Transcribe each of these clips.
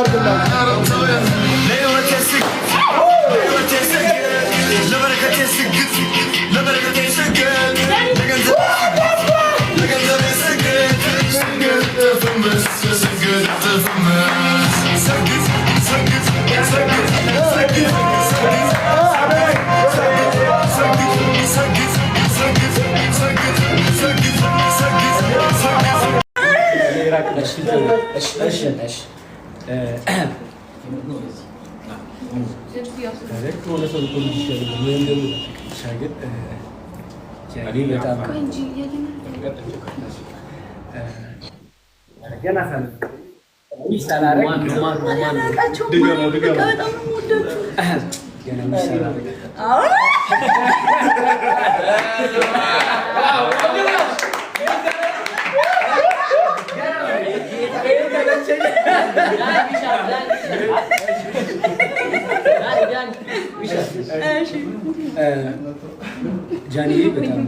Yardım ben. Eş, eş, eş, eş. Ecco le sono condizioni, non è vero, sai che... Arrivi tanto. Gene efendim. Müsaade. Duman, duman, duman. Duyuyorum, duyuyorum. Gene müsaade. Wow, ጃኒ በጣም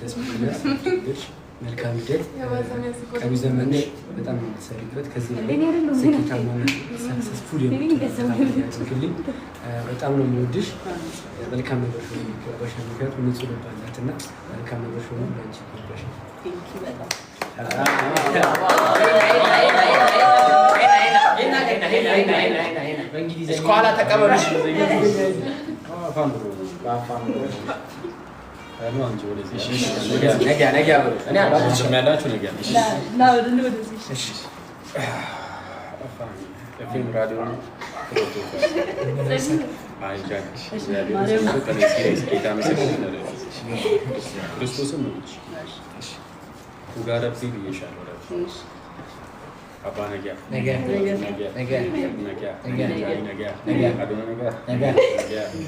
ደስ ሚለች መልካም ሂደት ቀቢል ዘመን በጣም የምትሰሪበት ከዚህ ስኬታማ ሰክሰስፉል የምትልኝ በጣም ነው የሚወድሽ። መልካም ነገር ሆኖ የሚገባሽ ምክንያቱም ንጹህ ልብ አላት እና መልካም ነገር ሆኖ ላንቺ ይገባሻል። Ben Ne هنا Ne هنا Ne اسكوا على تكبر Ne? radyonun Aynen. Zaten eski eski ikamesi kullanıyor. Christos'un mu hiç? Bu garip bir yaşam olarak. Apa naga? Naga. Naga. Naga. Naga. Naga. Naga. Naga. Naga. Aduh naga. Naga.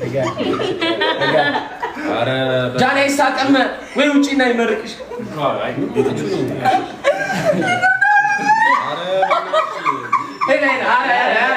Naga. Naga. አረ ጃኔ ሳቀመ ወይ ውጪ እና ይመርቅሽ አረ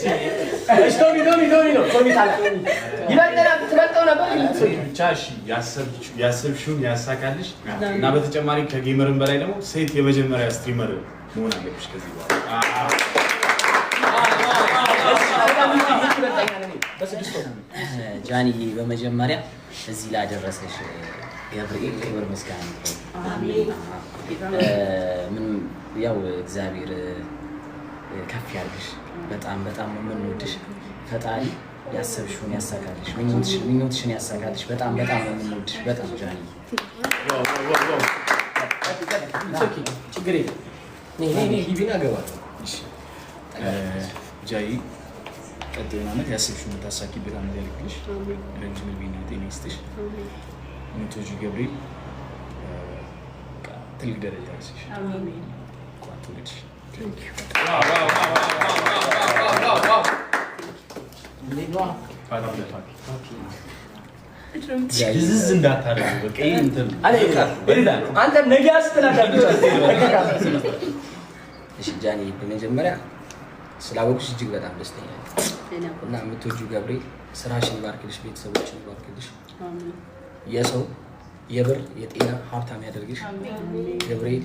ቶሚ ቶሚ ቶሚ ነው ቶሚ ያሰብሽውን ያሳካልሽ እና በተጨማሪ ከጌመርም በላይ ደግሞ ሴት የመጀመሪያ ስትሪመር መሆን አለብሽ ከዚህ ጃኒ በመጀመሪያ እዚህ ላደረሰሽ ገብርኤል ክብር ምስጋና ያው እግዚአብሔር ከፍ ያድርግሽ። በጣም በጣም የምንወድሽ። ፈጣሪ ያሰብሽውን ያሳካልሽ፣ ምኞትሽን ያሳካልሽ። በጣም በጣም የምንወድሽ። በጣም ጃኒ ጃይ ዓመት ያሰብሽውን ረጅም ዕድሜና ጤና ይስጥሽ። ምቶጂ ገብርኤል ትልቅ ደረጃ ቋንቶ ልጅ Thank you. Wow, wow, wow, wow, wow, wow, wow, wow. ዝዝ እንዳታደርግ አንተ ነገ ስትላዳጃኔ በመጀመሪያ ስላወቁሽ እጅግ በጣም ደስተኛ እና የምትወጂው ገብርኤል ስራሽን ይባርክልሽ፣ ቤተሰቦችን ይባርክልሽ። የሰው የብር የጤና ሀብታም ያደርግሽ ገብርኤል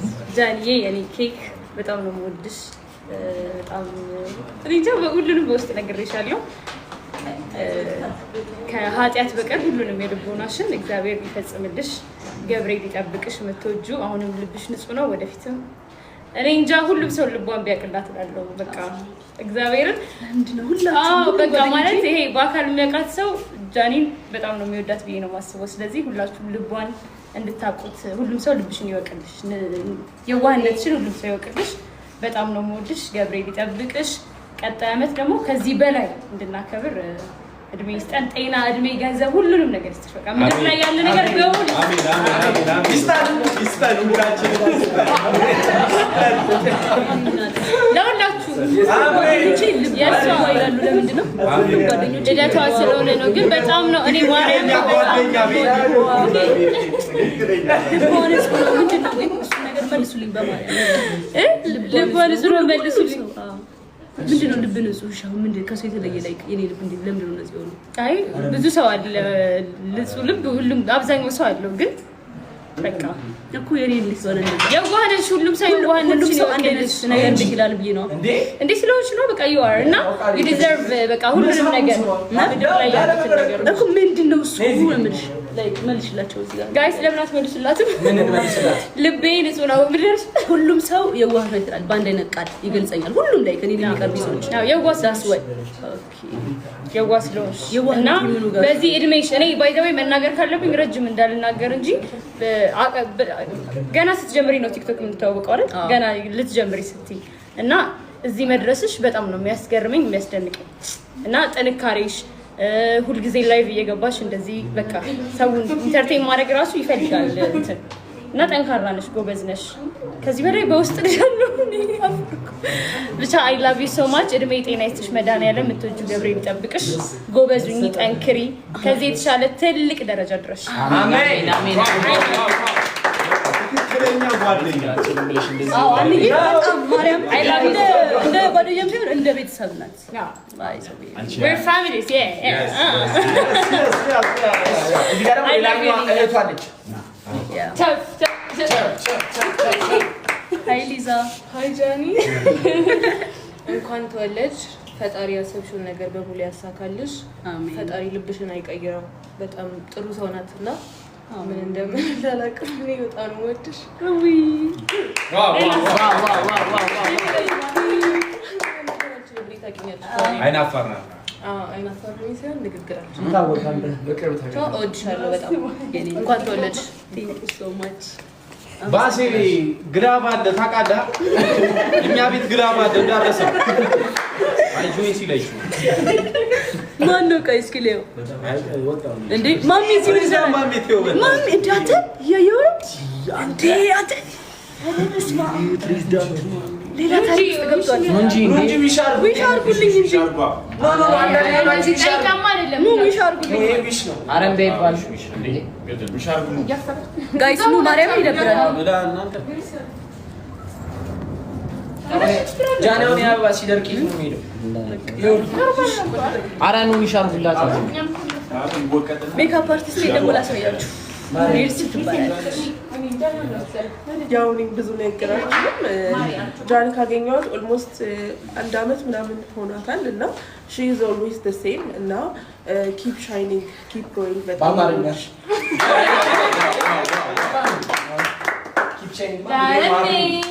ጃንዬ የኔ ኬክ በጣም ነው የምወድሽ። በጣም እንጃ በሁሉንም በውስጥ ነግሬሻለሁ። ከኃጢአት በቀር ሁሉንም የልቦናሽን እግዚአብሔር ቢፈጽምልሽ፣ ገብሬ ቢጠብቅሽ፣ መተወጁ አሁንም ልብሽ ንጹህ ነው። ወደፊትም እኔ እንጃ ሁሉም ሰው ልቧን ቢያቅላት እላለሁ። በቃ እግዚአብሔርን በቃ ማለት ይሄ በአካል የሚያውቃት ሰው ጃኒን በጣም ነው የሚወዳት ብዬ ነው የማስበው። ስለዚህ ሁላችሁም ልቧን እንድታቁት ሁሉም ሰው ልብሽን ይወቅልሽ፣ የዋህነትሽን ሁሉም ሰው ይወቅልሽ። በጣም ነው የምወድሽ። ገብሬ ቢጠብቅሽ። ቀጣይ አመት ደግሞ ከዚህ በላይ እንድናከብር እድሜ ይስጠን፣ ጤና፣ እድሜ፣ ገንዘብ፣ ሁሉንም ነገር ይስጥሽ። በቃ ምድር ላይ ያለ ነገር በሙሉ ለሁላችሁ። ልደቷ ስለሆነ ነው። ግን በጣም ነው እኔ ማርያም ነገር መልሱልኝ፣ በማርያም ልብ መልሱ መልሱልኝ ምንድን ነው ልብ ንጹህ? እሺ አሁን ምንድን ከሰው የተለየ ላይክ የኔ ልብ እንዴት ለምንድን ነው እነዚህ ሆኑ? አይ ብዙ ሰው አለ ንጹህ ልብ፣ ሁሉም አብዛኛው ሰው አለው። ግን በቃ እኮ የኔ ልጅ ሆነ እንደዚህ የዋህ ሁሉም ሰው የዋህ ነው ሁሉም አንድ ነሽ ነገር ይላል ብዬ ነው እንዴ እንዴ ስለሆንሽ ነው በቃ you አር እና ዩ ዲዘርቭ በቃ ሁሉንም ነገር እና ምንድን ነው እሱ ነው የምልሽ መልሽላቸው ጋይስ፣ ለምን አትመልሱላትም? ልቤ ንጹህ ነው። ምድርስ ሁሉም ሰው የዋህ ነው ይላል። በአንድ አይነት ቃል ይገልጸኛል። ሁሉም ላይ ከኔ የሚቀርቡ ሰዎች የዋህ ስለሆንሽ እና በዚህ እድሜሽ እኔ ባይ ዘ ወይ መናገር ካለብኝ ረጅም እንዳልናገር እንጂ ገና ስትጀምሪ ነው ቲክቶክ የምትተዋወቀው አይደል? ገና ልትጀምሪ ስትይ እና እዚህ መድረስሽ በጣም ነው የሚያስገርመኝ የሚያስደንቀኝ እና ጥንካሬሽ ሁልጊዜ ላይቭ እየገባች እንደዚህ በቃ ሰውን ኢንተርቴን ማድረግ ራሱ ይፈልጋል እንትን እና ጠንካራ ነሽ፣ ጎበዝ ነሽ። ከዚህ በላይ በውስጥ ልጃሉ ብቻ አይ ላቭ ዩ ሶ ማች። እድሜ ጤና ይስጥሽ፣ መድኃኒዓለም የምትወጁ ገብሬ ይጠብቅሽ። ጎበዙኝ፣ ጠንክሪ፣ ከዚህ የተሻለ ትልቅ ደረጃ ድረሽ። አሜን። ጓደኛ ጓደኛ ብለሽ እንደዚህ እንኳን ተወለድሽ። ፈጣሪ ያሰብሽውን ነገር በሙሉ ያሳካልሽ። ፈጣሪ ልብሽን አይቀይረው። በጣም ጥሩ ሰው ናት እና ምን እንደምን እኔ በጣም ነው የምወድሽ። አይናፋር ሳይሆን ንግግራችን እወድሻለሁ በጣም እንኳን ተወለድሽ። ባሴ ግራባ አለ ታውቃለህ? እኛ ቤት ግራባ አለ እንዳረሰ አይዞኝ ሲለኝ ማን ነው ቀይ? እስኪ ሌው እንዴ ማሚ ሌላ ጃንሆን አበባ ሲደርቅ ነው የሚሄደው። አራኑ ይሻርጉላት ሜካፕ አርቲስት ደውላ አሳያችሁ። ያው ብዙ ጃን ካገኘኋት ኦልሞስት አንድ አመት ምናምን ሆኗታል እና ሺ ኢዝ ኦልዌይስ ዘ ሴም እና ኪፕ ሻይኒንግ ኪፕ ጎይንግ ኪፕ ሻይኒንግ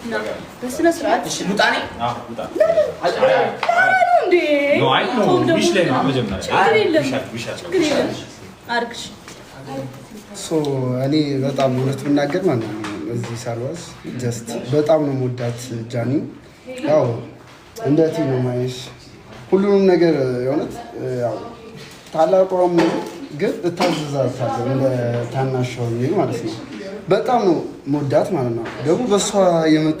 እኔ በጣም እውነት ብናገር ማለት ነው እዚህ ሳልዋዝ ጀስት በጣም ነው የምወዳት ጃኒ። ያው እንደ እህቴ ነው የማይሽ ሁሉንም ነገር የእውነት ታላቋም ግን እታዘዛታለሁ እንደ ታናሽ ሆኜ ማለት ነው። በጣም ነው መወዳት ማለት ነው። ደግሞ በእሷ የመጡ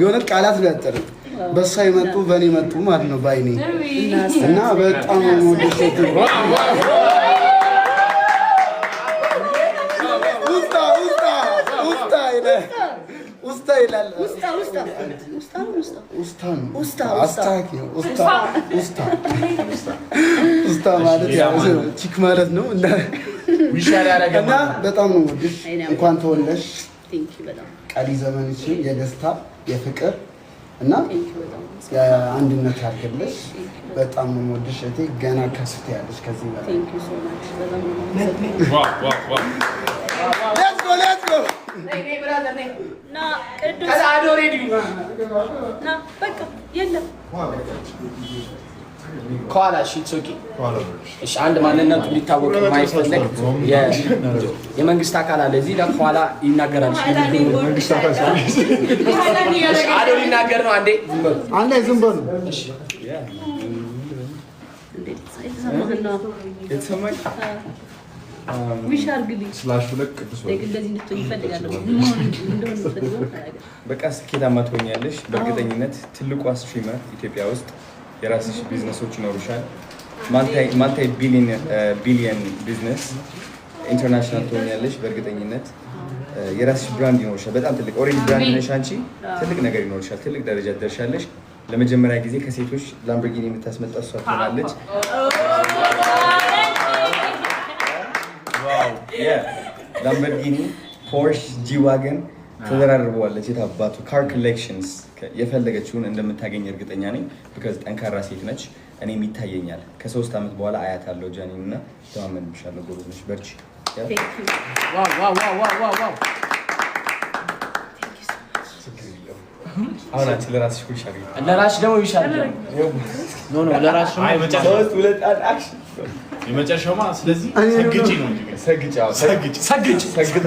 የሆነ ቃላት ሊያጠርም በእሷ የመጡ በእኔ መጡ ማለት ነው ባይኔ እና በጣም ነው ይላል። ውስታ ማለት ቺክ ማለት ነው። እና በጣም ነው ወድሽ። እንኳን ተወለሽ ቀሪ ዘመንሽን የደስታ የፍቅር እና አንድነት ያድርግልሽ። በጣም ነው የምወድሽ እቴ። ገና ከስት ያለሽ ከዚህ በላይ ከኋላ እሺ፣ እሺ፣ አንድ ማንነቱ እንዲታወቅ የማይፈለግ የመንግስት አካል አለ። እዚህ ከኋላ ይናገራል። እሺ፣ አዶ ሊናገር ነው። አንዴ አንዴ ዝም በሉ እሺ። በቃ ስኬታማ ትሆኛለሽ በእርግጠኝነት። ትልቁ ስትሪመር ኢትዮጵያ ውስጥ የራስሽ ቢዝነሶች ይኖሩሻል። ማልታይ ቢሊየን ቢዝነስ ኢንተርናሽናል ትሆኛለሽ በእርግጠኝነት። የራስሽ ብራንድ ይኖርሻል። በጣም ትልቅ ኦሬንጅ ብራንድ ነሽ አንቺ። ትልቅ ነገር ይኖርሻል። ትልቅ ደረጃ ትደርሻለሽ። ለመጀመሪያ ጊዜ ከሴቶች ላምበርጊኒ የምታስመጣ እሷ ትሆናለች። ላምበርጊኒ፣ ፖርሽ፣ ጂዋገን ተደራርበዋለች። የት አባቱ ካር ኮሌክሽንስ የፈለገችውን እንደምታገኝ እርግጠኛ ነኝ። ብከዝ ጠንካራ ሴት ነች። እኔም ይታየኛል። ከሶስት ዓመት በኋላ አያት አለው ጃኒ እና ተማመንብሻለሁ። ጎበዝ ነች፣ በርቺ። አሁን አንቺ ለራስሽ ኩል ሻል ለራስሽ ደግሞ ይሻል ሁለት የመጨረሻውማ። ስለዚህ ሰግጪ ነው ሰግጪ ሰግጪ ሰግጪ ሰግጣ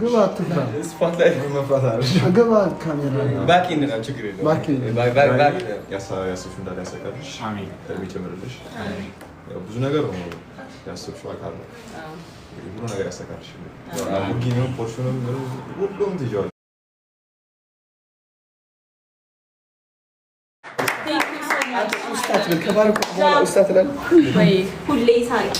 Gıvattıdan. Spotlight. Gıvat kameradan. Back in den çok iyi. Back in. Back back back. Yasa yasa şunda yasa kardeş. Amin. Tabii çömürülüş. Amin. Ya buzuna göre onu. Yasa şu akarlı. Buna göre yasa kardeş. Bu giyinin porşunu bilmiyorum. Bu diyeceğim. ኡስታት ምን ከባረኩ በኋላ ኡስታት ላል ሁሌ ሳቂ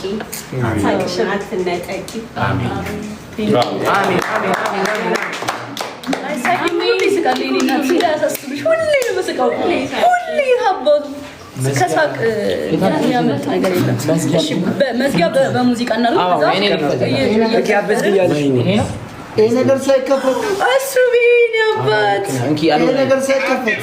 ሳቂሽን አትነጠቂ። አሜን አሜን አሜን አሜን። ሳይከፈት እሱ ቢሆን ያባት ይሄ ነገር ሳይከፈት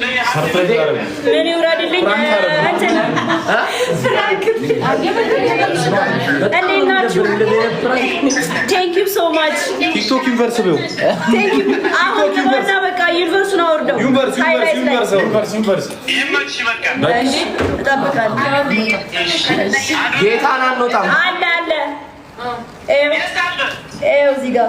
ምን ይውረድልኝ? እንዴት ጌታን አንወጣም አለ አለ እዚህ ጋር